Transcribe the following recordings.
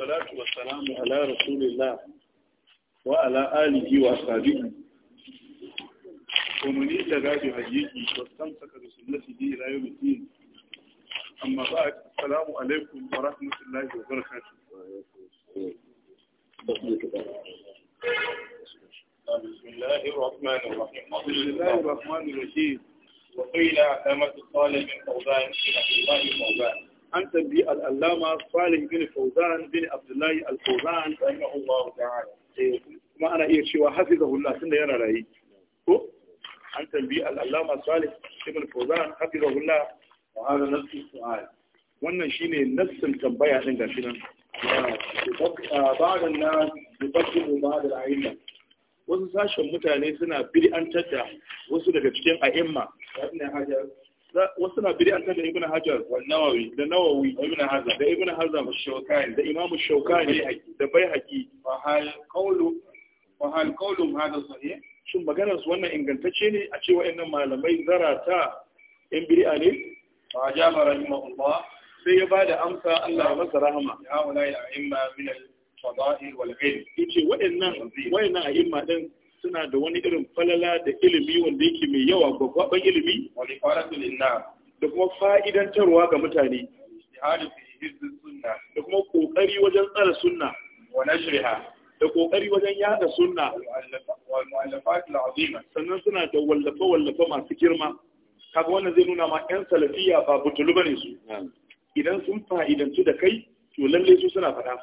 والصلاة والسلام على رسول الله وعلى آله وأصحابه ومن يتبع بهديه واستمسك بسنته إلى يوم الدين أما بعد السلام عليكم ورحمة الله وبركاته بسم الله الرحمن الرحيم بسم الله الرحمن الرحيم وقيل أمة الطالب من فوزان إلى الله فوزان an tambi al'allama Salih bin Fauzan bin Abdullahi al-Fauzan kuma ana iya cewa hafiza hulla tun da yana rayu ko an tambi al'allama Salih bin Fauzan hafiza hulla wa hada nafsi su'al wannan shi ne nassin tambaya din gashi nan ba'dan nas yubaddu ba'd al-a'imma wasu sashen mutane suna bid'antar da wasu daga cikin a'imma ibn hajar wasu na biri ta da ibn hajar wa nawawi da nawawi ibn hazar da ibn da shaukani da imamu shaukani da bai haki fa hal qawlu fa hal qawlum hada sahih shin magana su wannan ingantacce ne a ce wa'annan malamai zarata yan biri'a ne fa jama rahimahullah sai ya bada amsa Allah ya masa rahama ya wala ya imma min al fadail wal ilm yace wa'annan wa'annan a'imma din suna da wani irin falala da ilimi wanda yake mai yawa babban ilimi da kuma fa'idantarwa ga mutane da kuma kokari wajen tsara sunna da kokari wajen yada sunna sannan suna da wallafe-wallafe masu girma kaga wannan zai nuna ma 'yan salafiya ba butulu bane su idan sun fa'idantu da kai to lalle su suna faɗa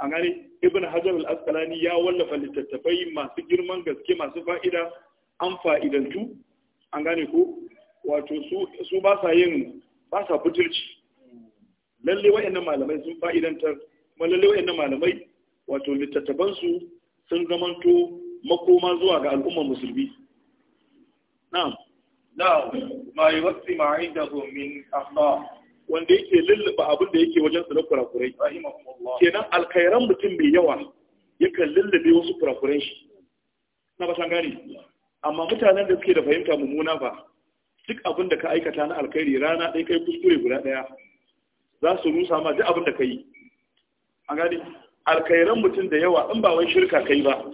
an gane ibn hajar al-asqalani ya wallafa littattafai masu girman gaske masu fa'ida an fa'idantu an gane ko wato su ba sa yin ba sa butulci lalle wayannan malamai sun fa'idantar kuma lalle wayannan malamai wato littattafan su sun zamanto makoma zuwa ga al'ummar musulmi na'am na'am ma yuwassi ma'indahu min akhta wanda yake lulluba abin da yake wajen na kurakurai kenan alkhairan mutum mai yawa yakan lullube wasu kurakuran shi na ba san gane amma mutanen da suke da fahimta mummuna ba duk abin da ka aikata na alkhairi rana ɗaya kai kuskure guda ɗaya za su rusa ma duk abin da ka yi an gane alkhairan mutum da yawa in ba wai shirka kai ba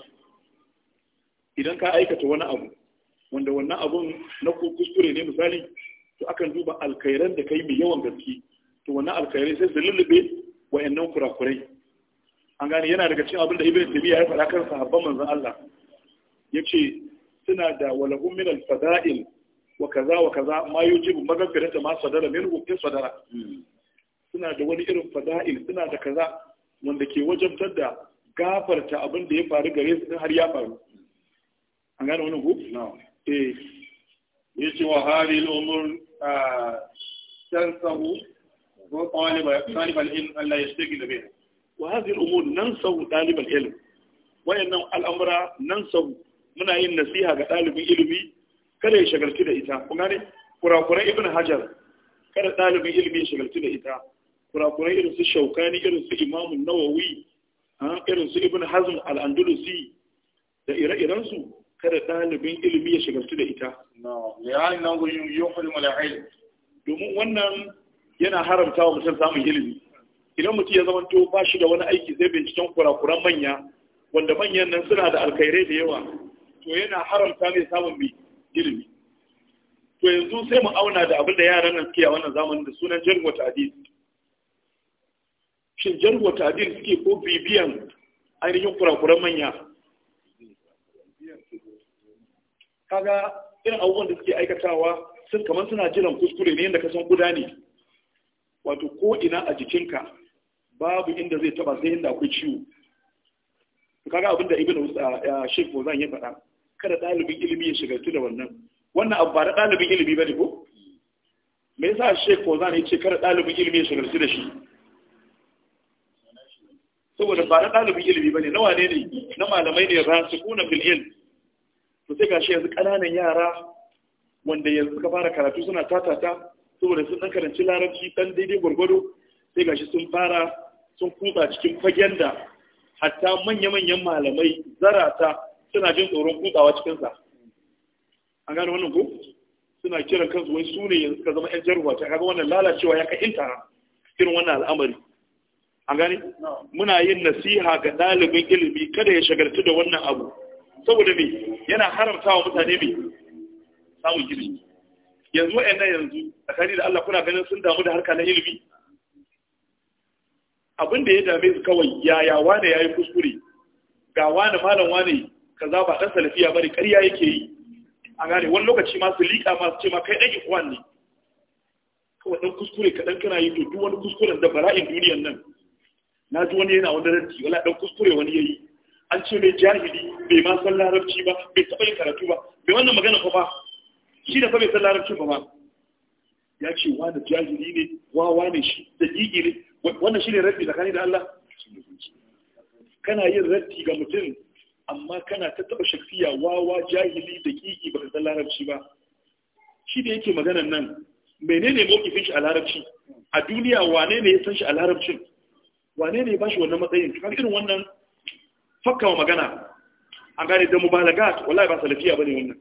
idan ka aikata wani abu wanda wannan abun na kuskure ne misali to akan duba alkhairan da kai mai yawan gaske to wannan alkhairai sai su lullube wayannan kurakurai an gane yana daga cikin abin da ibn tabiya ya faɗa kan sahabban manzon Allah yace suna da walahum min al-fada'il wa kaza wa kaza ma yujibu ta ma sadara minhu in sadara suna da wani irin fada'il suna da kaza wanda ke wajabtar da gafarta abin da ya faru gare su har ya faru an gane wannan ko eh yace wa haril umur تنسه طالب طالب العلم ألا يشتغل بها وهذه الأمور ننسه طالب العلم وإن الأمر ننسه من أي ga طالب العلم kada ya shagaltu da ita kun gane kurakurai ibn hajar kada ɗalibin ilimi ya shagaltu da ita kurakurai irin su shaukani irin su imamun nawawi irin su ibn hazm al-andalusi da ire-irensu kada ɗalibin ilimi ya shigarci da ita la'annahu yuhrimu al-ilm domin wannan yana haramta wa mutum samun ilimi idan mutum ya to ba shi da wani aiki zai binciken kurakuran manya wanda manyan nan suna da alkhairai da yawa to yana haramta mai samun mai ilimi to yanzu sai mu auna da abin da yaran nan suke a wannan zamanin da sunan ta adil. shin ta adil suke ko bibiyan ainihin kurakuran manya kaga irin abubuwan da suke aikatawa sun kamar suna jiran kuskure ne yadda ka san guda ne wato ko ina a jikinka babu inda zai taba sai inda akwai ciwo kaga abin da ya shek zan ya faɗa kada ɗalibin ilimi ya shigartu da wannan wannan abu ba da ɗalibin ilimi ba ne ko me yasa shek zan ya ce kada ɗalibin ilimi ya shigartu da shi saboda ba da ɗalibin ilimi ba ne na wane ne na malamai ne su kuna fil to sai gashi yanzu ƙananan yara wanda yanzu suka fara karatu suna tatata saboda sun ɗan karanci larabci ɗan daidai gwargwado sai gashi sun fara sun kutsa cikin fagen da hatta manya-manyan malamai zarata suna jin tsoron kutsawa cikinsa an gane wannan ko suna kiran kansu wai su ne yanzu suka zama 'yan jarwa ta kaga wannan lalacewa ya kai inta irin wannan al'amari an gane muna yin nasiha ga ɗalibin ilimi kada ya shagaltu da wannan abu saboda me yana haramta wa mutane mai samun ilimi yanzu wa'annan yanzu tsakani da Allah kuna ganin sun damu da harka na ilimi abin da ya dame su kawai yaya wane yi kuskure ga wane malam wane kaza ba ɗan salafiya bari ƙarya yake yi a gane wani lokaci ma su liƙa ma su ce ma kai ɗan ikwan ne kawai ɗan kuskure kaɗan kana yi to duk wani kuskuren da bara'in duniyan nan na ji wani yana wani ranti wala ɗan kuskure wani ya yi an ce mai jahili bai ma san larabci ba bai taɓa yin karatu ba bai wannan magana ba shi da fa bai san larabci ba ma ya ce wani jahili ne wawa ne shi da ne? wannan shi ne rabbi tsakani da Allah kana yin rabbi ga mutum amma kana ta taɓa shafiya wawa jahili da ƙiƙi ba ka san larabci ba shi da yake maganan nan menene mokifin shi a larabci a duniya wane ne ya san shi a larabcin wane ne ya bashi wannan matsayin kaga irin wannan fakkawa magana an gane da mubalagat wallahi ba salafiya bane wannan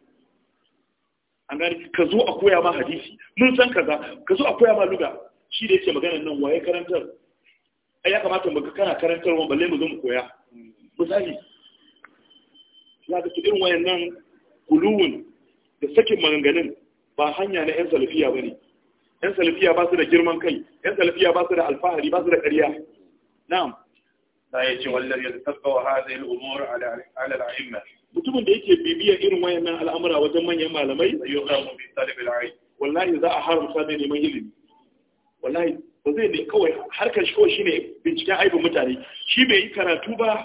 an gane ka zo a koya ma hadisi mun san kaza ka zo a koya ma luga shi da yake magana nan waye karantar ai ya kamata mu kana karantar wa balle mu zo mu koya misali za ka irin wayannan guluwun da sakin maganganun ba hanya na yan salafiya bane yan salafiya ba su da girman kai yan salafiya ba su da alfahari ba su da ƙarya na'am sai ya ce wallar ya tabbawa hadhihi al-umur ala ala al-a'imma mutumin da yake bibiyar irin wayannan al'amura wajen manyan malamai yuqamu bi talib al-ilm wallahi za a haramta ne neman ilimi wallahi ba zai ne kawai harkar shi kawai shine binciken aibin mutane shi bai yi karatu ba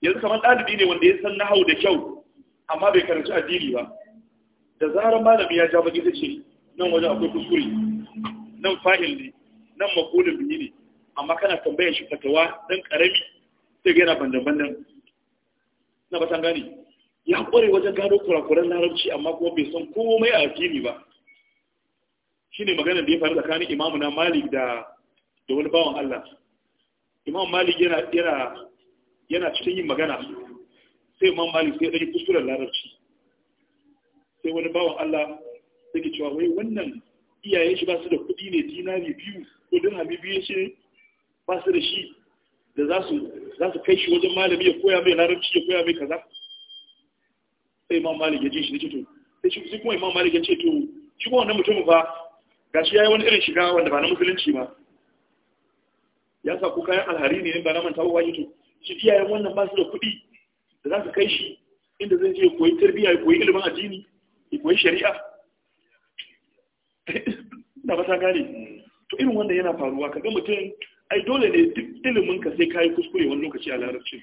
yanzu kamar ɗalibi ne wanda ya san nahau da kyau amma bai karanci addini ba da zarar malami ya ja baki ce nan wajen akwai kuskure nan fa'il ne nan makulin biyi ne amma kana tambayar shi fatawa dan karami sai ga yana bandan-bandan na batan gani ya kware wajen gano kurakuran larabci amma kuma bai san komai a addini ba Shi ne maganar da ya faru tsakanin imamu na malik da da wani bawan Allah imam malik yana yana yana cikin yin magana sai imam malik sai ya kusurar kuskuren larabci sai wani bawan Allah suke cewa wai wannan iyayen shi ba su da kuɗi ne dinari biyu ko dirhami biyu shi ba su da shi da za su kai shi wajen malami ya koya mai larabci ya koya mai kaza sai imam malik ya ji shi ce to sai shi kuma imam malik ya ce to shi kuma wannan mutumin fa ya yi wani irin shiga wanda ba na musulunci ba ya sa ko kayan alhari ne ba na manta ba waje to shi iyayen wannan ba su da kuɗi da za su kai shi inda zai je koyi tarbiyya ya koyi ilimin addini ya koyi shari'a na ba ta gane to irin wanda yana faruwa ga mutum ai dole ne duk ilimin ka sai yi kuskure wani lokaci a larabcin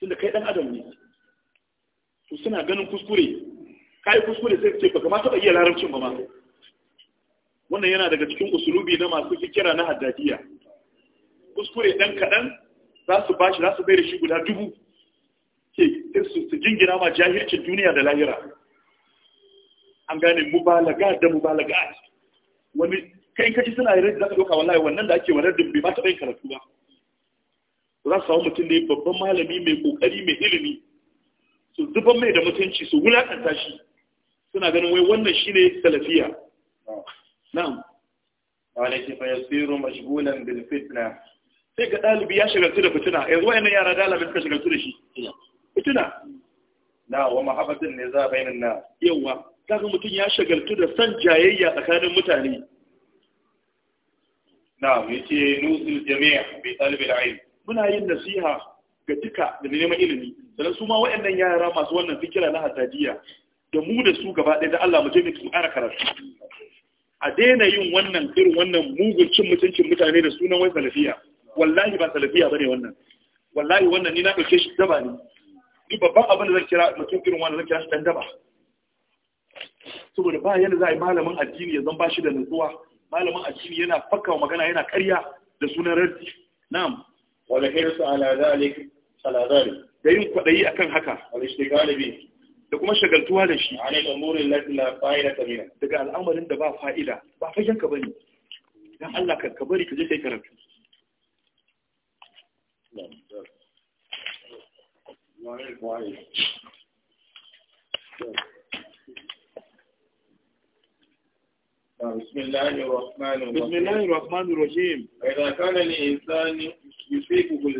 tunda kai dan adam ne su suna ganin kuskure Ka yi kuskure sai ce baka ma taba iya larabcin ba ma wannan yana daga cikin usulubi na masu fikira na haddadiya kuskure dan kaɗan za su bashi za su bai da shi guda dubu ke su jingina ma jahilcin duniya da lahira an gane mubalaga da mubalaga wani kai ka ci suna yarda za ka doka wallahi wannan da ake wadar dumbe ba ta yin karatu ba za su samu mutum ne babban malami mai kokari mai ilimi su zuban mai da mutunci su wulakanta shi suna ganin wai wannan shine salafiya na'am walaki fa yasiru mashghulan bil fitna sai ga dalibi ya shagaltu da fitina yanzu wayannan yara dalibi suka shagaltu da shi fitina na wa mahabbatin ne za bainan na yawa kaga mutum ya shagaltu da san jayayya tsakanin mutane na'am yace nuzul jami' bi talib ilm muna yin nasiha ga duka da neman ilimi sannan su ma waɗannan yara masu wannan fikira na hasadiya da mu da su gaba ɗaya da Allah mu je mu tsara karatu a daina yin wannan irin wannan mugun cin mutuncin mutane da sunan wai salafiya wallahi ba salafiya bane wannan wallahi wannan ni na ɗauke shi daba ne ni babban abin da zan kira mutum irin wannan zan kira shi dan daba saboda ba yadda za a yi malamin addini ya zan ba shi da nutsuwa malamin addini yana fakawa magana yana karya da sunan raddi na'am wal hirsu ala zalik ala zalik da yin kwadayi akan haka wal ishtighal bi da kuma shagaltuwa da shi ala umuri allati la fa'idata tamina daga al'amarin da ba fa'ida ba fagen ka bane dan Allah ka ka bari ka je kai karatu Thank you. بسم الله الرحمن الرحيم بسم الله الرحمن الرحيم إذا كان الإنسان يصيبه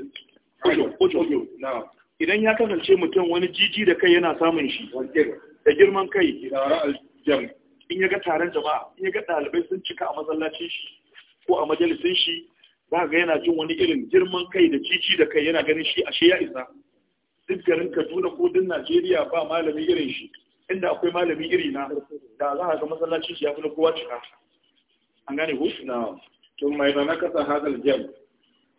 العجب نعم idan ya kasance mutum wani jiji da kai yana samun shi da girman kai in ya ga taron jama'a in ya ga ɗalibai sun cika a masallacin shi ko a majalisin shi za ga yana jin wani irin girman kai da jiji da kai yana ganin shi ashe ya isa duk garin kaduna ko din najeriya ba malami irin shi inda akwai malami iri na da za a ga masallaci shi ya fi na kowa cika an gane ku na to mai da na kasa hazal jam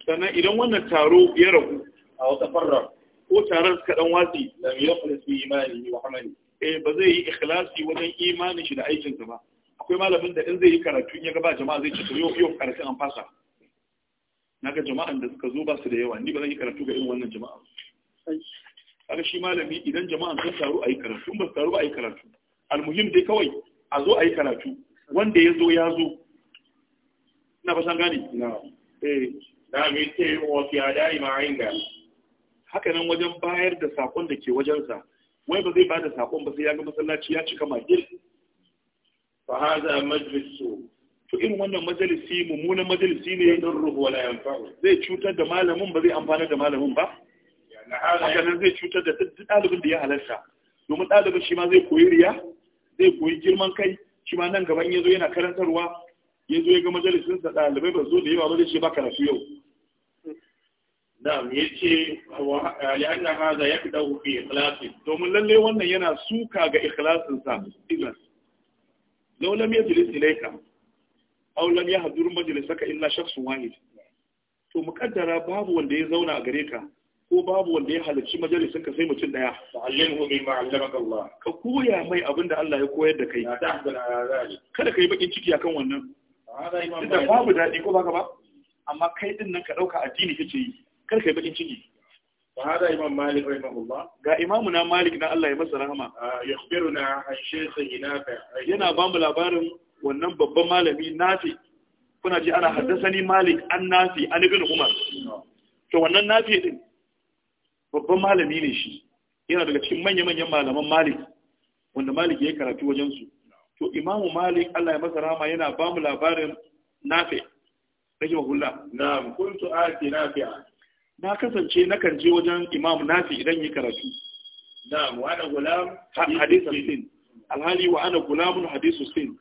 sannan idan wannan taro ya ragu a wata farra ko taron suka dan watsi da yakhlis fi imani wa amali eh ba zai yi ikhlasi wajen imanin shi da aikinsa ba akwai malamin da in zai yi karatu ya gaba jama'a zai ce yau yau karatun an fasa naga jama'an da suka zo ba su da yawa ni ba zan yi karatu ga irin wannan jama'a kaga shi malami idan jama'an sun taru a yi karatu ba su taru ba a yi karatu almuhim dai kawai a zo a yi karatu wanda ya zo ya zo ina fasan gane eh da mai ce wa dai ma ma'inda haka nan wajen bayar da sakon da ke wajensa wai ba zai bada sakon ba sai ya ga masallaci ya cika majil fa hadha majlisu to irin wannan majalisi mummunan majalisi ne ya zai cutar da malamin ba zai amfana da malamin ba Hakanan zai cutar da ɗalibin da ya halarta domin ɗalibin shi ma zai koyi riya zai koyi girman kai shi ma nan gaban yazo yana karantarwa yazo ya ga majalisin sa ɗalibai ba zo da yawa ba zai ce ba karatu yau na'am yace wa la'anna hadha yaqdahu fi ikhlasi domin lalle wannan yana suka ga ikhlasin sa ikhlas law lam yajlis ilayka aw lam yahdur majlisaka illa shakhsun wahid to muqaddara babu wanda ya zauna a gare ka ko babu wanda ya halarci majalisin ka sai mutum daya fa allimhu allamaka Allah ka koya mai abin da Allah ya koyar da kai kada kai bakin ciki akan wannan da babu daɗi ko baka ba amma kai din nan ka dauka addini kake yi kar kai bakin ciki فهذا إمام مالك رحمه الله قال إمامنا مالك نا الله يمس رحمه يخبرنا عن شيخ نافع ينا بام لابارم wannan babban malami nafi kuna ji ana haddasa ni malik an nafi an ibn umar to wannan nafi din babban malami ne shi yana daga cikin manya-manyan malaman malik wanda malik ya yi karatu wajensu to imamu malik allah ya masa rama yana ba mu labarin nafe rage mahulla na kuntu ake nafi'a na kasance na kan je wajen imam nafi idan yi karatu na wa ana gulam sin alhali wa ana gulamun sin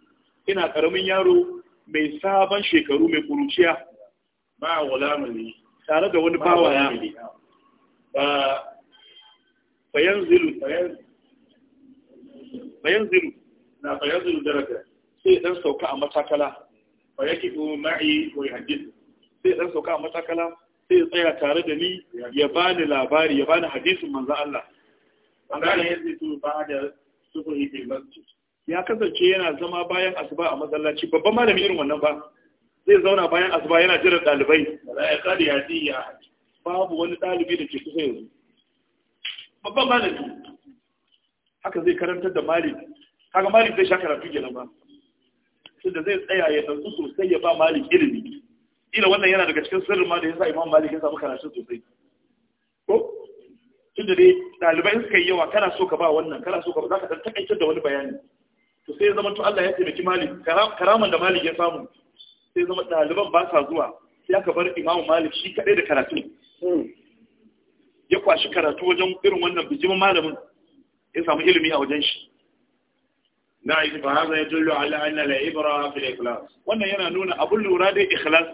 ina karamin yaro mai sabon shekaru mai kuruciya ba gulamun ne tare da wani bawa ya ba fayan zilu fayan zilu na fayan daraja sai dan sauka a matakala fa yake ko ma'i wa hadith sai dan sauka a matakala sai ya tsaya tare da ni ya bani labari ya bani hadisin manzo Allah wannan yanzu to ba da subuhi yi masjid ya kasance yana zama bayan asuba a masallaci babban malami irin wannan ba zai zauna bayan asuba yana jira dalibai ya kadi ya ji ya haji babu wani ɗalibi da ke kusa yanzu babban malami haka zai karantar da malik Haka malik zai sha karatu gina ba tunda zai tsaya ya ɗauki sosai ya ba malik ilimi ila wannan yana daga cikin sirrin ma da ya sa imam malik ya samu karatu sosai ko da dai ɗalibai suka yi yawa kana so ka ba wannan kana so ka ba za ka ɗan takaitar da wani bayani to sai ya zama to Allah ya taimaki malik karaman da malik ya samu sai zama ɗaliban ba sa zuwa sai aka bar imamu malik shi kaɗai da karatun. ya kwashi karatu wajen irin wannan bijimin malamin ya samu ilimi a wajen shi na yi ba haza ya dullu ala anna la ibra fi ikhlas wannan yana nuna abun lura da ikhlas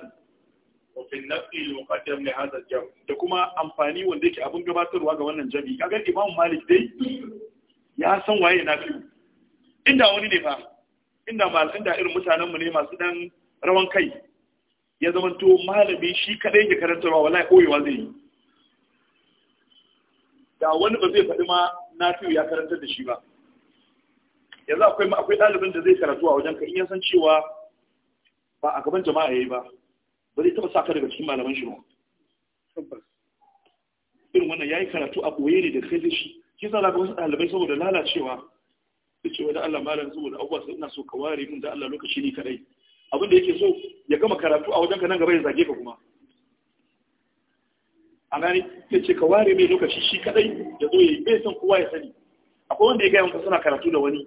wa fi nafi muqaddam li hadha jam da kuma amfani wanda yake abun gabatarwa ga wannan jami kaga imam malik dai ya san waye na fi inda wani ne fa inda ba inda irin mutanen mu ne masu dan rawan kai ya zama to malami shi kadai ke karantarwa wallahi koyewa zai yi da wani ba zai faɗi ma na fiye ya karantar da shi ba yanzu akwai ma akwai ɗalibin da zai karatu a wajen ka in ya san cewa ba a gaban jama'a yayi ba ba zai taɓa saka daga cikin malaman shi ba irin wannan yayi karatu a ɓoye ne da kai da shi shi sa ga wasu ɗalibai saboda lalacewa su ce wani Allah malam saboda abubuwa sai ina so ka ware min da Allah lokaci ne kadai abinda yake so ya gama karatu a wajenka nan gaba ya zage ka kuma a gani ta ce ka ware mai lokaci shi kadai ya zo ya yi bai san kowa ya sani akwai wanda ya gaya maka suna karatu da wani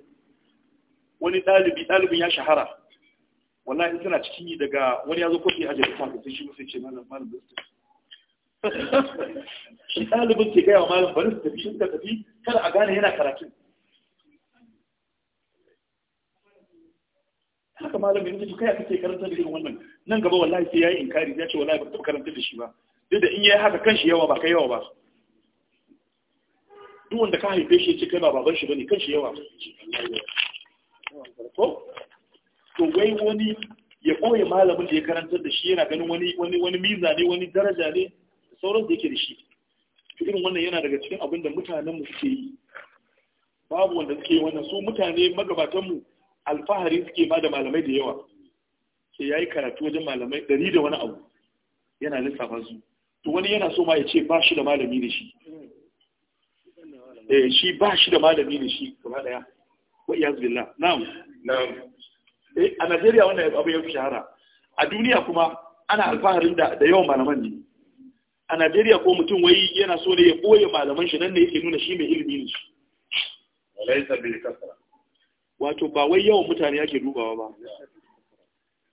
wani ɗalibi ɗalibin ya shahara wannan in suna cikin yi daga wani ya zo kofi a jirgin kafin sai shi musu ce malam malam da shi ɗalibin ke gaya wa malam bari su tafi shi suka tafi kada a gane yana karatun haka malami ne kai kake karanta da irin wannan nan gaba wallahi sai yayi inkari ya ce wallahi ba ta karanta da shi ba duk da in yayi haka kanshi yawa ba kai yawa ba duk wanda ka haife shi ce kai ba baban shi bane kanshi yawa ko to wai wani ya koyi malamin da ya karantar da shi yana ganin wani wani wani miza ne wani daraja ne sauran da yake da shi to irin wannan yana daga cikin abin da mutanen mu suke yi babu wanda suke yi wannan su mutane magabatan mu alfahari suke ba da malamai da yawa ke yi karatu wajen malamai dari da wani abu yana lissafa su to wani yana so ma ya ce ba shi da malami da shi eh shi ba shi da malami da shi kuma daya wa iyaz billah na'am na'am eh a Najeriya wannan abu ya fi shahara a duniya kuma ana alfaharin da da yawan malaman ne a Najeriya ko mutum wai yana so ne ya boye malaman shi nan ne yake nuna shi mai ilimi ne shi bil kasra wato ba wai yawan mutane yake dubawa ba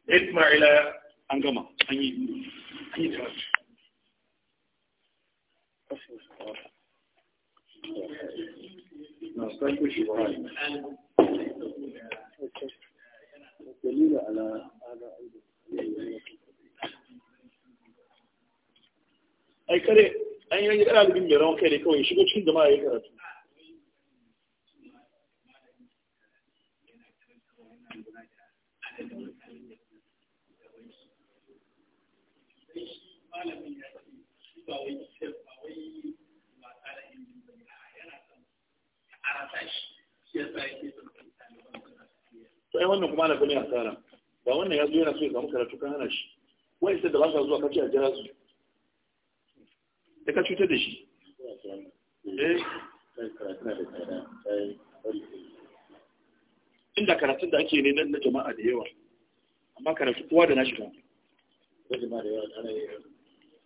Ismaila an gama an yi an yi ai kare an yi ɗalibin mai rawan kai ne kawai shigo cikin jama'a ya karatu sai wannan kuma ana gani a tsara ba wannan ya zo yana so ya samu karatu kan hana shi wai sai da ba sa zuwa kace a jira su da ka cutar da shi eh sai karatu na da tsada sai bari inda karatun da ake ne na jama'a da yawa amma karatu kowa da nashi kan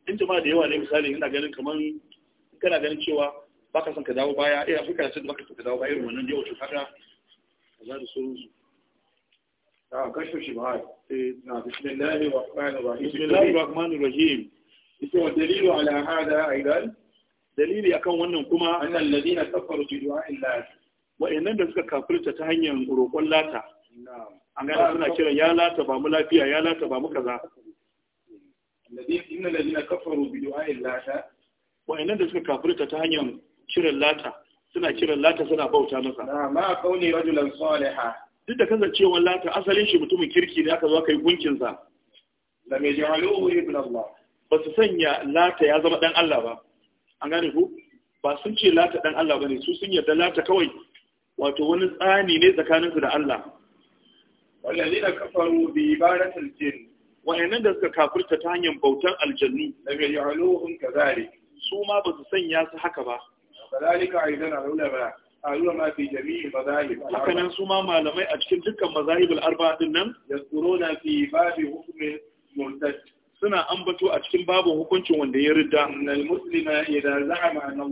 in jama'a da yawa ne misali ina ganin kamar kana ganin cewa baka son ka dawo baya eh akwai karatun da baka son ka dawo baya irin wannan yawa to kaga za su sauran su a kashe shi ba eh, na bismillahir rahmanir rahim bismillahir rahmanir rahim ita wa dalilu ala hada aidan dalili akan wannan kuma annal ladina kafaru bi du'a illahi wa'annan da suka kafirta ta hanyar roƙon lata an gane suna kira ya lata ba mu lafiya ya lata ba mu kaza inna ladina kafaru bi du'a'il lata wa'annan da suka kafirta ta hanyar kiran lata suna kiran lata suna bauta masa ma kauni rajulan salihah duk da kasancewar lata asalin shi mutumin kirki ne aka zo kai yi gunkin sa da mai jahaluhu ibn Allah ba su sanya lata ya zama dan Allah ba an gane ku ba sun ce lata dan Allah bane su sun yarda lata kawai wato wani tsani ne tsakaninsu da Allah wallazi da kafaru bi ibadatul jin wayannan da suka kafirta ta hanyar bautan aljannu lam ya'luhum kadhalik su ma ba su sanya su haka ba kadhalika aidan ulama ulama fi jami'i madahib haka nan su ma malamai a cikin dukkan mazahibul arba'a din nan yazkuruna fi babi hukmi murtad suna ambato a cikin babin hukuncin wanda ya ridda annal muslima idan za'ama anna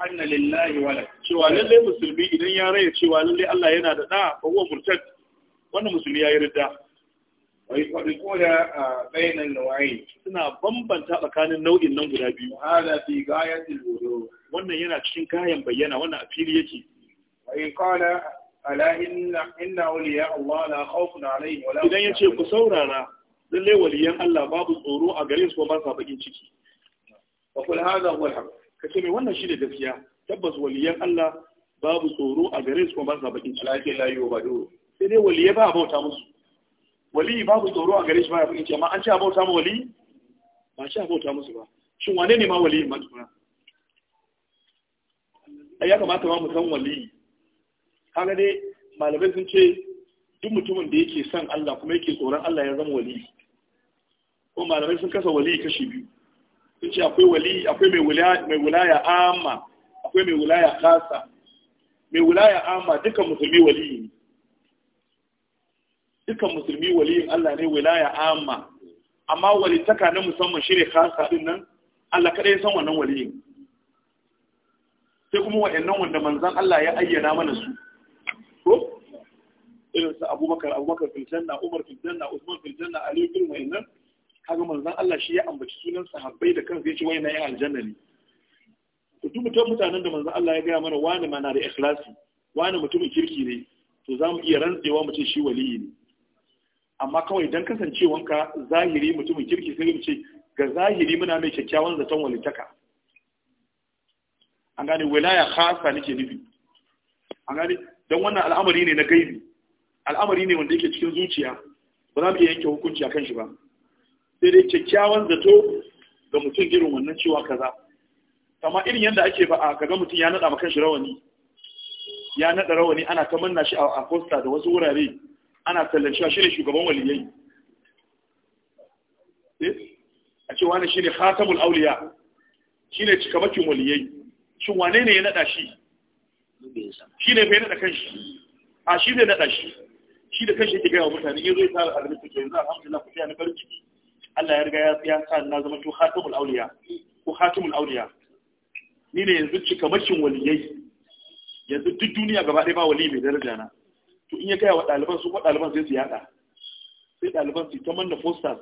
anna lillahi wala cewa lalle musulmi idan ya raya cewa lalle Allah yana da da fa huwa murtad wannan musulmi ya yi ridda wai kwadi koda bainan nawai suna bambanta tsakanin nau'in nan guda biyu hada fi gayatil wudu wannan yana cikin kayan bayyana wannan a fili yake wai qala ala inna inna awliya Allah la khawfun alaihim wala idan yace ku saurara lalle waliyan Allah babu tsoro a gare su ba sa bakin ciki wa kul hada huwa al-haq ka ce mai wannan shi ne gaskiya tabbas waliyan Allah babu tsoro a gare su kuma ba sa bakin ciki la layi ba bado sai dai waliyai ba a bauta musu wali babu tsoro a gare shi ba a bakin ciki amma an ce a bauta ma wali ba ce a bauta musu ba shin wane ne ma wali ma tukuna ai ya kamata ma mu san wali kaga dai malamai sun ce duk mutumin da yake son Allah kuma yake tsoron Allah ya zama wali ko malamai sun kasa wali kashi biyu sun ce akwai wali akwai mai wulaya amma akwai mai wulaya kasa mai wulaya amma duka musulmi wali ne musulmi waliyin Allah ne wilaya amma amma taka na musamman shi ne kasa din nan Allah kaɗai san wannan waliyin sai kuma wa'annan wanda manzan Allah ya ayyana mana su ko irin abubakar abubakar filjanna umar filjanna usman filjanna ali filjanna nan. kaga manzon Allah shi ya ambaci sunan sahabbai da kansa yace na yan aljanna ne to duk mutum mutanen da manzon Allah ya gaya mana wani mana da ikhlasi wani mutumin kirki ne to za mu iya rantsewa mu ce shi waliyi ne amma kawai dan kasancewanka zahiri mutumin kirki sai mu ce ga zahiri muna mai kyakkyawan zaton walitaka an gane wilaya khasa nake nufi an gane dan wannan al'amari ne na gaibi al'amari ne wanda yake cikin zuciya ba za mu iya yanke hukunci akan shi ba sai dai kyakkyawan zato ga mutum irin wannan cewa kaza amma irin yadda ake ba a kaga mutum ya nada maka shi rawani ya nada rawani ana ta manna shi a costa da wasu wurare ana tallan shi ne shugaban waliyai eh? a ce wani shi ne khatamul auliya shi ne cikamakin waliyai shin wane ne ya nada shi shi ne bai nada kanshi a shi zai nada shi shi da kanshi yake gaya wa mutane ya zo ya tara alhamdulillah yanzu alhamdulillah ku tsaya na farin ciki Allah ya riga ya sa na zama to khatimul auliya ko khatimul auliya ni ne yanzu cikamakin waliyai yanzu duk duniya gaba ɗaya ba wali mai daraja na to in ya kai wa ɗaliban su ko ɗaliban sai su yaɗa sai ɗaliban su ta manna fosters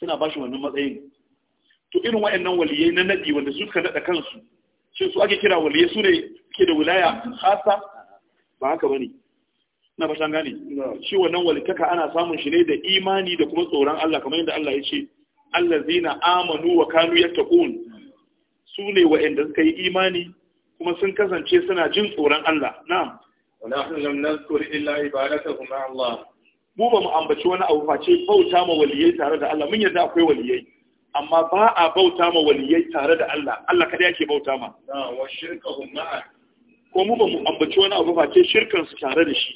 suna ba shi wannan matsayin to irin wa'annan waliyai na naɗi wanda su suka naɗa kansu shi su ake kira waliyai su ne ke da wilaya hasa ba haka ba ne na ba shan gane shi wannan walitaka ana samun shi ne da imani da kuma tsoron Allah kamar yadda Allah ya ce allazina amanu wa kanu yattaqun su ne wa'anda suka yi imani kuma sun kasance suna jin tsoron Allah na'am ونحن لم نذكر إلا عبادته مع الله mu ba mu ambaci wani abu face bauta ma waliyai tare da Allah mun yadda akwai waliyai amma ba a bauta ma waliyai tare da Allah Allah kada yake bauta ma Na wa shirkahum ma'a ko mu ba mu ambaci wani abu face shirkan su tare da shi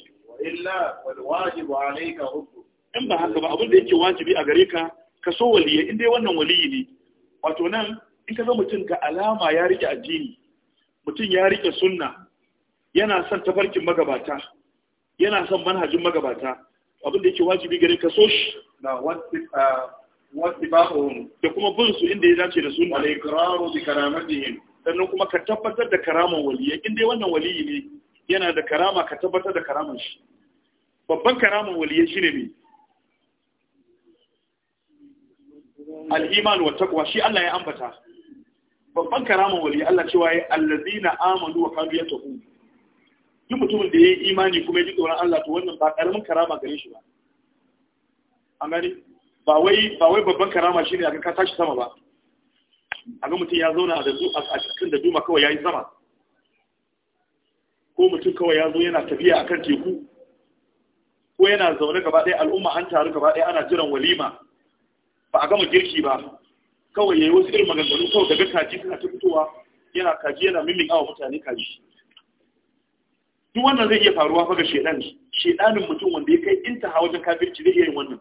illa wal wajibu alayka hubbu in ba haka ba abin da yake wajibi a gare ka ka so waliye in dai wannan waliyi ne wato nan in ka ga mutum ga alama ya rike addini mutum ya rike sunna yana son tafarkin magabata yana son manhajin magabata abin da yake wajibi gare ka so shi na wasu uh, ba'un da kuma bin su inda ya dace da sunna da ikraru bi karamatihim sannan kuma ka tabbatar da karaman waliyai in dai wannan waliyi ne yana da karama ka tabbatar da karaman shi babban karaman shi shine me al-iman wa shi Allah ya ambata babban karaman wali Allah cewa ya allazina amanu wa kanu yattaqu duk mutumin da ya yayi imani kuma ya ji tsoron Allah to wannan ba karamin karama gare shi ba A gani ba wai ba wai babban karama shine aka ka tashi sama ba a ga mutum ya zauna a cikin da duma kawai ya yi sama ko mutum kawai ya zo yana tafiya a kan teku ko yana zaune gaba ɗaya al'umma an taru gaba ɗaya ana jiran walima ba a gama girki ba kawai ya yi wasu irin maganganu kawai daga kaji suna ta fitowa yana kaji yana mimin awa mutane kaji duk wannan zai iya faruwa fa ga shedan shedanin mutum wanda ya kai intaha wajen kafirci zai iya yin wannan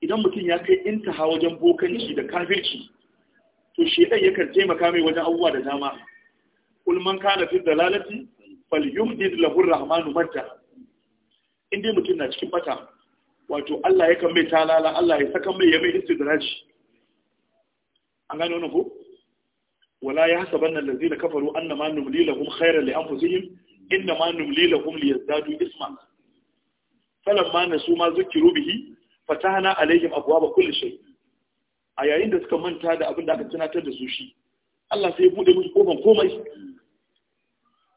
idan mutum ya kai intaha wajen bokanci da kafirci to shedan yakan taimaka mai wajen abubuwa da dama kulman kana fi dalalati yumdid lahu rahmanu madda in dai mutum na cikin bata wato Allah ya kan mai talala Allah ya saka mai ya mai istidraj an gane wannan ko wala ya hasaban nan lazina kafaru annama numli lahum khairan li anfusihim innama numli lahum liyazdadu isman falamma nasu ma zukiru bihi fatahna alaihim abwaaba kulli shay a yayin da suka manta da abin da aka tunatar da su shi Allah sai ya bude musu kofan komai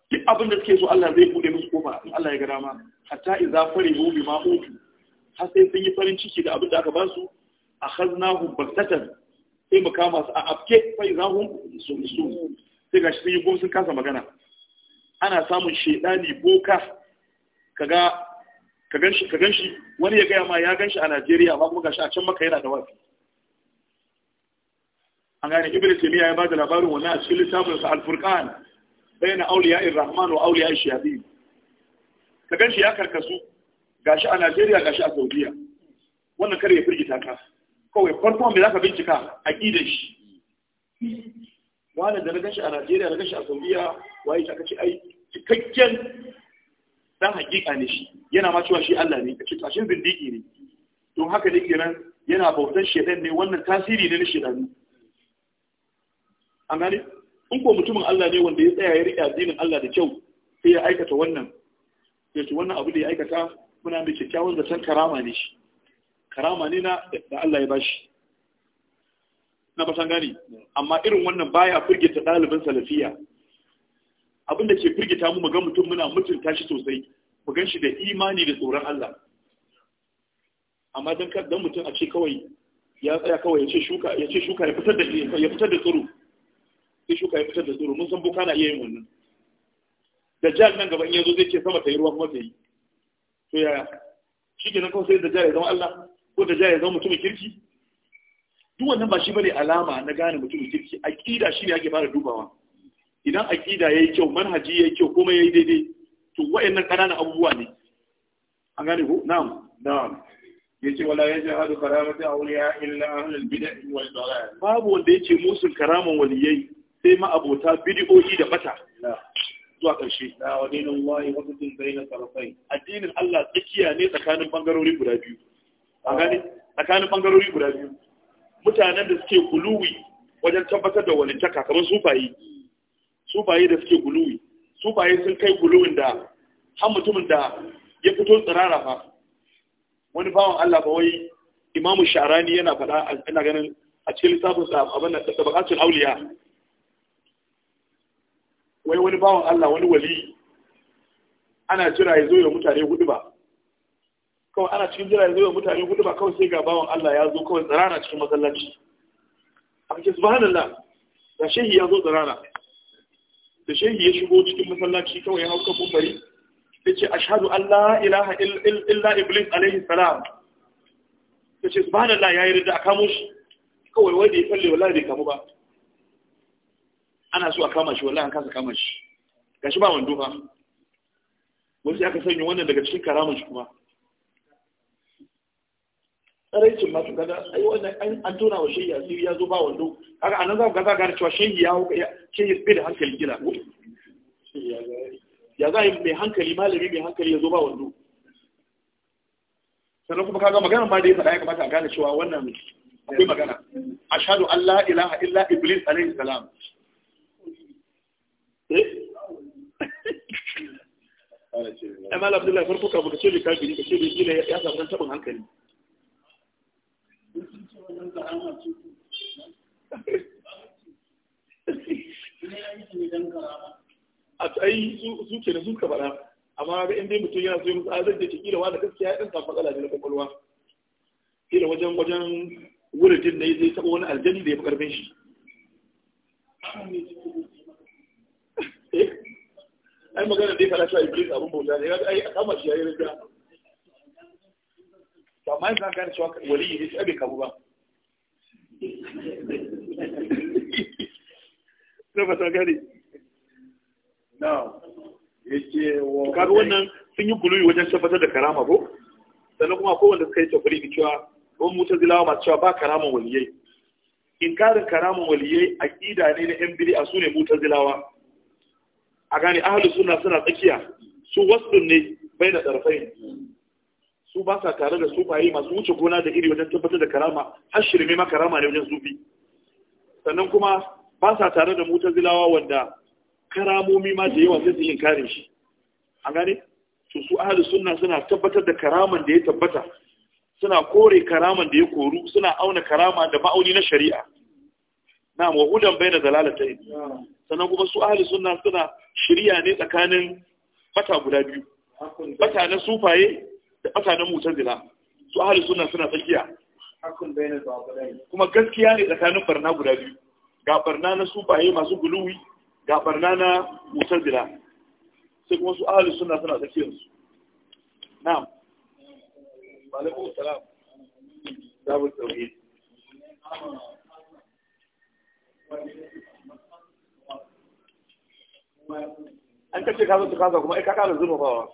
duk abin da suke so Allah zai bude musu kofa Allah ya ga dama hatta idza farihu bima utu har sai sun yi farin ciki da abin da aka ba su a khaznahum baktatan sai mu kama su a afke fa su su. sai gashi sun yi gom sun kasa magana ana samun shedani boka kaga ka ganshi ka ganshi wani ya gaya ma ya ganshi a Najeriya ba kuma gashi a can maka yana da wafi an gane Ibn Taymiyyah ya bada labarin wannan a cikin littafin sa Al-Furqan bayna awliya'ir rahman wa awliya'ir shayatin ka ganshi ya karkasu gashi a Najeriya gashi a Saudiya wannan kare ya firgita ka kawai farko me zaka bincika aqidan shi wani da gashi a Najeriya da gashi a Saudiya waye ta kace ai cikakken dan hakika ne shi yana ma cewa shi Allah ne kace ta shin bindiki ne don haka ne kenan yana bautar shedan ne wannan tasiri ne na shedan an gane in ko mutumin Allah ne wanda ya tsaya ya riƙe addinin Allah da kyau sai ya aikata wannan sai wannan abu da ya aikata muna mai kyakkyawan zaton karama ne shi karama ne na da Allah ya bashi na san gani amma irin wannan baya firgita ɗalibin salafiya abin da ke firgita mu ga mutum muna mutunta shi sosai mu gan shi da imani da tsoron Allah amma don dan mutum a ce kawai ya tsaya kawai ya ce shuka ya ce shuka ya fitar da ya fitar da tsoro sai shuka ya fitar da tsoro mun san boka na iya yin wannan dajjal nan gaba in yazo zai ce sama ta yi ruwa kuma zai yi to yaya shi ke kawai sai da jaya zama Allah ko da jaya zama mutumin kirki duk wannan ba shi bane alama na gane mutumin kirki aqida shi ne ake fara dubawa idan aqida yayi kyau manhaji yayi kyau komai yayi daidai to wayannan kananan abubuwa ne an gane ko na'am na'am yace wala yajhadu karamata awliya illa ahlul bid'ah wal dalal babu wanda yace musul karaman waliyai sai ma abota bid'o'i da bata zuwa ƙarshe na wa dinin wahi wasu sun bai na addinin Allah tsakiya ne tsakanin ɓangarori guda biyu a ah. gani tsakanin ɓangarori guda biyu mutanen da suke guluwi wajen tabbatar da walintaka kamar sufayi sufayi da suke guluwi sufayi sun kai guluwin da har mutumin da ya fito tsirara fa wani bawan Allah ba wai imamu sharani yana faɗa ina ganin a cikin lissafin abin da tabaqatul auliya wai wani bawan Allah wani wali ana jira ya zo ya mutane hudu ba kawai ana cikin jira ya zo ya mutane hudu ba kawai sai ga bawan Allah ya zo kawai tsirara cikin masallaci a cikin subhanallah da shehi ya zo tsirara da shehi ya shigo cikin masallaci kawai ya hauka kumbari ya ce ashhadu an la ilaha illa iblis alaihi salam ya ce subhanallah ya yi rida a kamo shi kawai wanda ya falle wallahi bai kamu ba ana so a kama shi wallahi an kasa kama shi gashi ba wando ba wasu aka sanya wannan daga cikin karamin shi kuma tsaraicin masu gada ai wannan an tona wa shehi asiri ya zo ba wando haka anan za ku gaza gane cewa shehi ya hau ya shehi bai da hankali gida ya za a yi mai hankali malami mai hankali ya zo ba wando sannan kuma kaga magana ma da ya faɗa ya kamata a gane cewa wannan akwai magana A an la ilaha illa iblis alaihi salam ai malam abdullahi farko kafin ka ce bai kafiri ka ce bai kila ya samu dan tabin hankali a tsayi su ke da su ka faɗa amma ga inda mutum yana so yin tsazar da ke kila wanda gaskiya ya ɗan samu matsala ne na kwakwalwa kila wajen wajen wurin jin na yi zai taɓa wani aljani da ya fi ƙarfin shi ai magana dai kana cewa iblis abun bauta ne ai a kama shi yayin da ba mai cewa wali kabu ba ba ta gani yace wa wannan sun yi guluyi wajen tabbatar da karama ko sannan kuma akwai wanda suka yi da cewa don mutar zilawa masu cewa ba karaman waliyai inkarin karaman waliyai aqida ne na yan bid'a su ne zilawa a gane ahalus suna suna tsakiya su wasdun ne bai da tsarfai su ba sa tare da sufaye masu wuce gona da iri wajen tabbatar da karama har shirme ma karama ne wajen sufi sannan kuma ba sa tare da zilawa wanda karamomi ma da yawa sai su yin kare shi a gane su su ahalus sunna suna tabbatar da karaman da ya tabbata suna kore karaman da ya koru suna auna karama da ma'auni na shari'a na wahudan bai na dalalata yi sannan kuma su ahli sunna suna shirya ne tsakanin bata guda biyu bata na sufaye da bata na mutazila su ahli sunna suna tsakiya kuma gaskiya ne tsakanin barna guda biyu ga barna na sufaye masu guluwi ga barna na mutazila sai kuma su ahli sunna suna tsakiyar su na'am alaikum salam babu tauhid an kace ka zo ta kasa kuma ai ka kara zurfafawa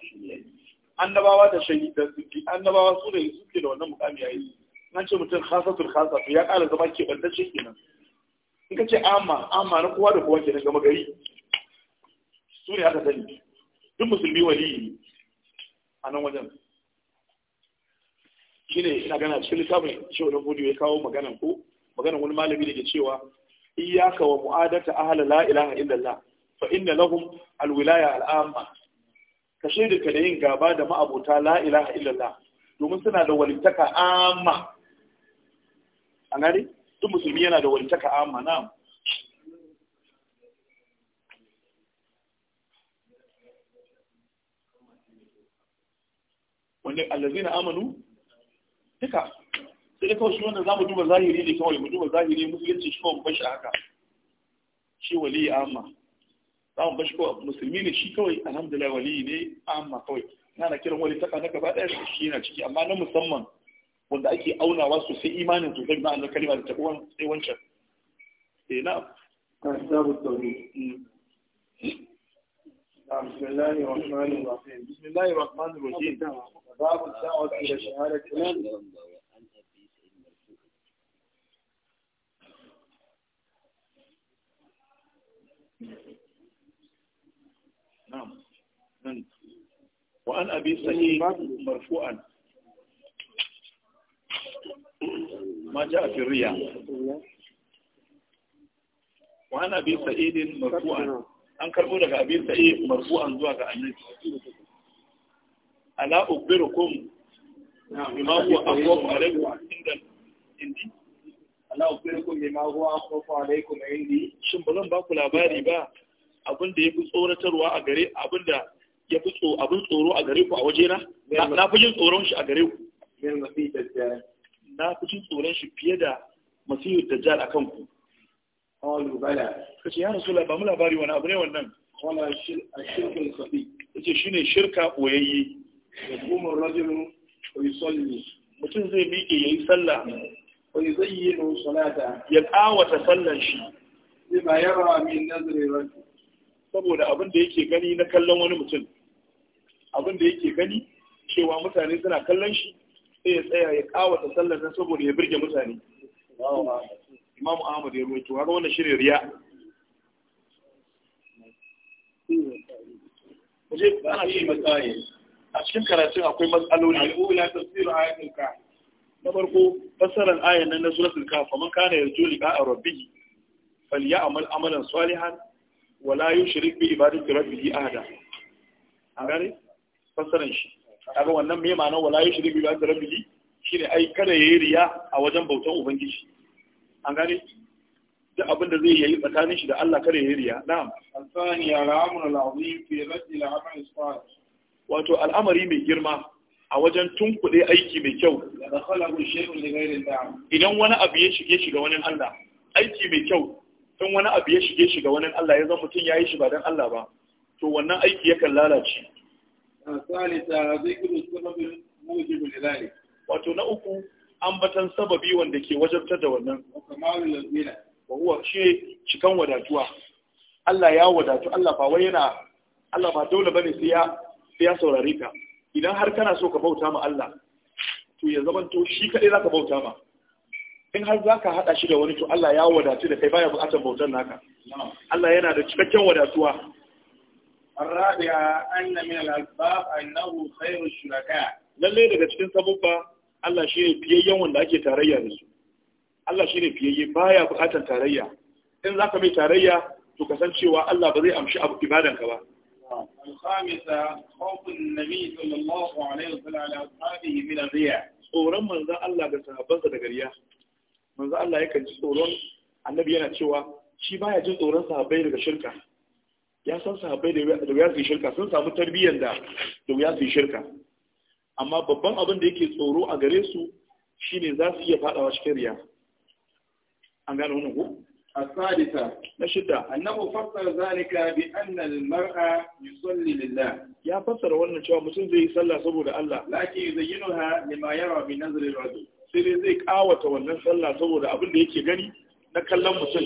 annabawa da shahidan suke annabawa su ne suke da wannan mukami yayi nan ce mutum khasatul khasa to ya kala zama ke shi kenan in kace amma amma na kowa da kowa kenan gama gari su ne aka sani duk musulmi wali a nan wajen shine ina gana cikin littafin cewa na godiyo ya kawo magana ko magana wani malami da ke cewa iyyaka wa mu'adata ahla la ilaha illallah fa inna lahum alwilaya al'amma ka shaida ka da yin gaba da ma'abota la ilaha illallah domin suna da walitaka amma A gani duk musulmi yana da walitaka amma na'am wanda allazina amanu duka sai kawai shi wanda za mu duba zahiri ne kawai mu duba zahiri musulunci shi kawai mu bashi haka shi wali amma za mu bashi kawai musulmi ne shi kawai alhamdulillah wali ne amma kawai na na kiran wali taka na gaba daya shi yana ciki amma na musamman wanda ake aunawa sosai imanin sosai na annar kalima da taɓuwan sai wancan eh na بسم الله الرحمن الرحيم بسم الله الرحمن الرحيم باب الدعوة إلى شهادة na'am وعن أبي سعيد مرفوعا ما جاء في الرياء وعن أبي سعيد مرفوعا أنكر أولك أبي سعيد مرفوعا ذوك أنك ألا أخبركم بما هو أخوف عليكم عند عندي ألا أخبركم بما هو أخوف عليكم عندي شنبلن باكو لاباري با abin da ya fi tsoratarwa a gare abin da ya fi abin tsoro a gare ku a wajena na fi jin tsoron shi a gare ku na fi jin tsoron shi fiye da masihu dajjal kan ku kace ya rasu ba mu labari wani abu ne wannan kace shi ne shirka boyayye mutum zai miƙe ya yi sallah zai yi salata ya ƙawata sallan shi bima yara min nazri rajul saboda abin da yake gani na kallon wani mutum abin da yake gani cewa mutane suna kallon shi sai ya tsaya ya kawata sallar nan saboda ya birge mutane imamu ahmad ya ruwaito haka wannan shirin riya a cikin karatun akwai matsaloli na farko fassarar ayan nan na suratul kahf man kana yarju liqa'a rabbih falyamal amalan salihan wala yushrik bi ibadati rabbihi ahada a gane fassaran shi daga wannan me ma'anar wala yushrik bi ibadati shi ne ai kada ya yi riya a wajen bautan ubangiji an gane duk abinda zai yi tsakanin shi da Allah kada ya yi riya na'am asani al-amru al-azim fi rajul amal salih wato al'amari mai girma a wajen tunkuɗe aiki mai kyau idan wani abu ya shige shi ga wani Allah aiki mai kyau in wani abu ya shige shiga wani Allah ya zama mutum ya yi shi ba don Allah ba to wannan aiki yakan lalace wato na uku ambatan sababi wanda ke wajabtar da wannan wa huwa shi cikan wadatuwa Allah ya wadatu Allah ba wai yana Allah ba dole bane sai ya sai ya saurare ka idan har kana so ka bauta ma Allah to ya zama to shi kadai zaka bauta ma in har za ka haɗa shi da wani to Allah ya wadatu da kai baya buƙatar bautar naka Allah yana da cikakken wadatuwa الرابعة أن من الأسباب أنه خير الشركاء lalle daga cikin sabubba Allah shi ne fiyayyen wanda ake tarayya da su Allah shi ne fiyayye baya buƙatar tarayya in za ka mai tarayya to kasancewa Allah ba zai amshi abu ka ba al الخامسة خوف النبي صلى الله عليه وسلم على أصحابه من الرياء tsoron manzan Allah da sahabbansa daga riya manzo Allah yakan ji tsoron annabi yana cewa shi baya jin tsoron sahabbai daga shirka ya san sahabbai da wuya su shirka sun samu tarbiyyar da da wuya su shirka amma babban abin da yake tsoro a gare su shine za su iya fadawa cikin riya an gano wannan ko asadita na shida annahu fassara zalika bi anna al mar'a yusalli lillah ya fassara wannan cewa mutum zai yi sallah saboda Allah lakin zayyinuha lima yara bi nazri rajul sai dai zai kawata wannan sallah saboda abin da yake gani na kallon mutum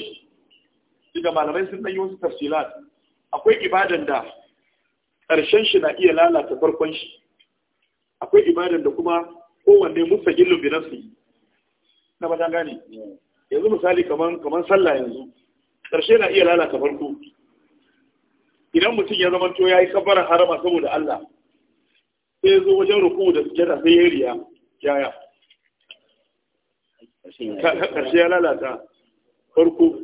daga malamai sun ɗanyi wasu tafsilat akwai ibadan da ƙarshen shi na iya lalata farkon shi akwai ibadan da kuma kowanne musa gillin bi nafsi na ba gane yanzu misali kaman kaman sallah yanzu ƙarshe na iya lalata farko idan mutum ya zama to yayi kafara harama saboda Allah sai ya zo wajen ruku da sujada sai ya riya yaya ƙarshe ya lalata farko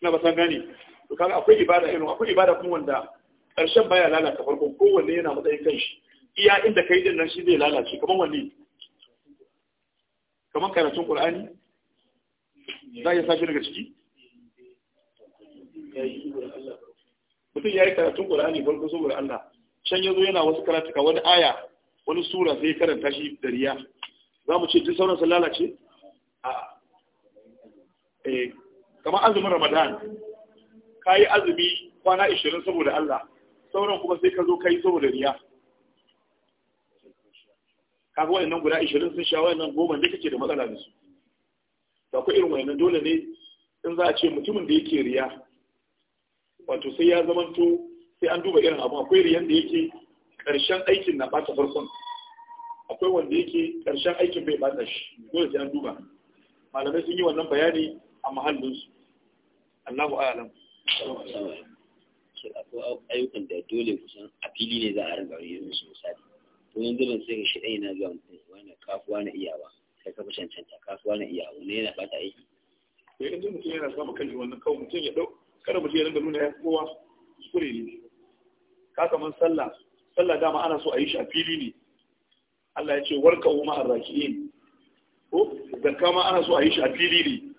na ba san gane to kaga akwai ibada irin akwai ibada kuma wanda ƙarshen baya lalata farko kowanne yana matsayin kanshi iya inda kai din nan shi zai lalace kamar wanne kamar karatun qur'ani za ya sashi daga ciki mutum ya yi karatun qur'ani farko saboda Allah can yazo yana wasu karatuka wani aya wani sura sai karanta shi da riya za mu ce duk sauran sun lalace E, kamar azumin ramadan ka yi azumi kwana 20 saboda Allah sauran kuma sai ka zo ka yi saboda riya kaga wayannan guda 20 sun sha wayannan goma da kake da matsala da su da ku irin wayannan dole ne in za a ce mutumin da yake riya wato sai ya zamanto sai an duba irin abu akwai riyan da yake karshen aikin na bata farkon akwai wanda yake karshen aikin bai bata shi dole sai an duba malamai sun yi wannan bayani a mahallinsu Allahu a'lam akwai ayyukan da dole kusan a fili ne za a rinka yin su misali to yanzu ban sai shi ɗaya na zuwa mutum wani kafuwa na iyawa sai ka fi cancanta kafuwa na iyawa ne yana bata aiki to yanzu mutum yana samun kanshi wannan kawai mutum ya dau? kada mutum ya rinka nuna ya kowa kuskure ne ka kaman sallah sallah dama ana so a yi shi a fili ne Allah ya ce warka umma arraki'in ko da kama ana so a yi shi a fili ne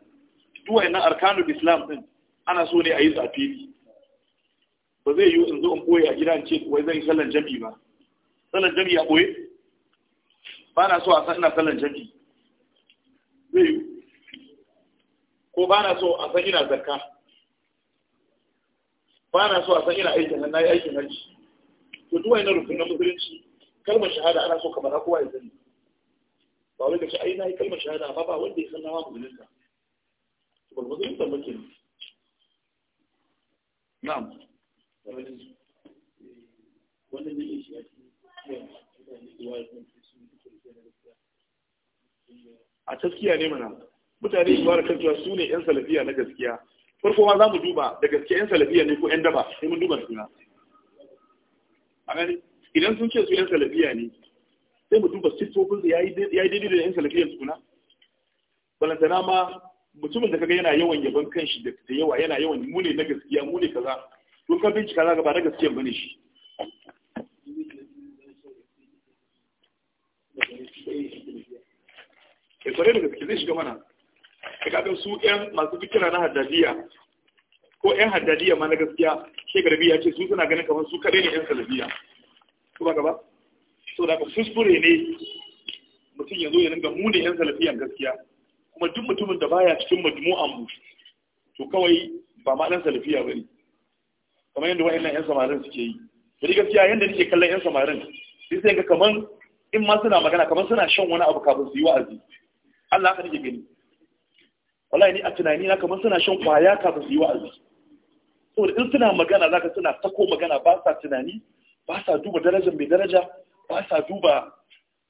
duk wayannan arkanu islam din ana so ne a yi su a fili ba zai yi in zo in boye a gida ce wai zan yi sallan jami ba sallan jami a boye ba na so a san ina sallan jami'i zai yi ko ba na so a san ina zakka ba na so a san ina aikin nan na yi aikin hajji to duk rufin na musulunci kalmar shahada ana so kamar kowa ya sani ba wai kace ai nayi kalmar shahada amma ba wanda ya san na ma musulunta to ba musulunta ba ke na'am wannan ne shi a taskiya ne mana mutane su fara kancewa su ne yan salafiya na gaskiya farko ma za mu duba da gaske yan salafiya ne ko yan daba sai mun duba suna a gani idan sun ce su yan salafiya ne sai mu duba siffofin ya yi daidai da yan salafiyar tukuna balantana ma mutumin da kaga yana yawan yaban kanshi da yawa yana yawan mune na gaskiya mune kaza to ka bincika za ka ba na gaskiya bane shi ya eh, kware da gaske zai shiga mana ka kaga su yan masu fikira na haddadiya ko yan haddadiya ma na gaskiya shekarbi ya ce su suna ganin kamar su kaɗai ne yan salafiya Su ba gaba? so da fuskure ne mutum ya zo ya ringa muni yan salafiyan gaskiya kuma duk mutumin da baya cikin majmu'an mu to kawai ba ma dan salafiya bane kamar yadda wayannan yan samarin suke yi bari gaskiya yanda nake kallon yan samarin sai sai ga kaman in ma suna magana kaman suna shan wani abu kafin su yi wa'azi Allah ka nake gani wallahi ni a tunani na kaman suna shan kwaya kafin su yi wa'azi saboda in suna magana zaka suna tako magana ba sa tunani ba sa duba darajar mai daraja ba sa duba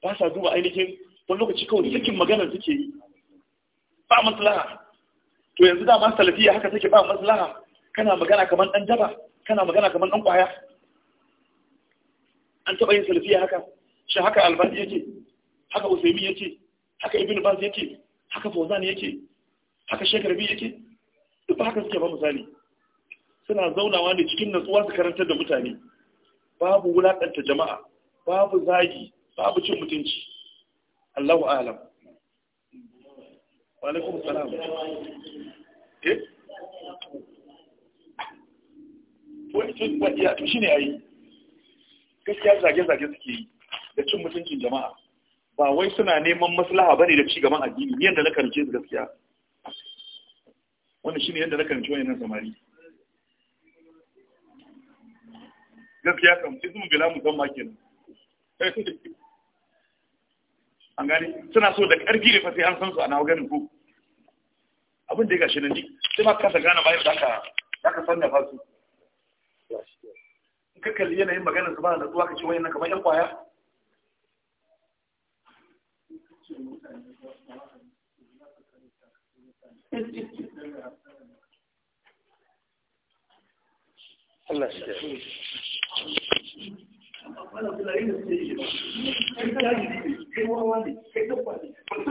ba sa duba ainihin wani lokaci kawai cikin maganar suke yi ba maslaha to yanzu da dama salafiya haka take ba maslaha kana magana kamar dan jaba kana magana kamar dan kwaya an taba yin ya haka shi haka albani yake haka usaimi yake haka ibn baz yake haka fawzan yake haka shekarbi yake duk ba haka suke ba misali suna zaunawa ne cikin natsuwa su karantar da mutane babu wulaƙanta jama'a babu zagi babu cin mutunci Allahu alam wa alaikum salam eh wani wadiya to shine ayi gaskiya zage zage suke yi da cin mutuncin jama'a ba wai suna neman maslaha bane da ci gaban addini ni yanda na karance su gaskiya wannan shine yanda na karance wannan samari gaskiya kam izmu bila musamma kenan an gane suna so da ƙarfi ne fa an san su a nawa ganin ku abin da ya gashi nan ji sai ma kasa gane bayan da ka da sanya fasu in ka kalli yanayin maganar su ba da zuwa ka ce wayan nan kamar yan kwaya Allah shi wannan fulani da suke yi kai jahili ne kai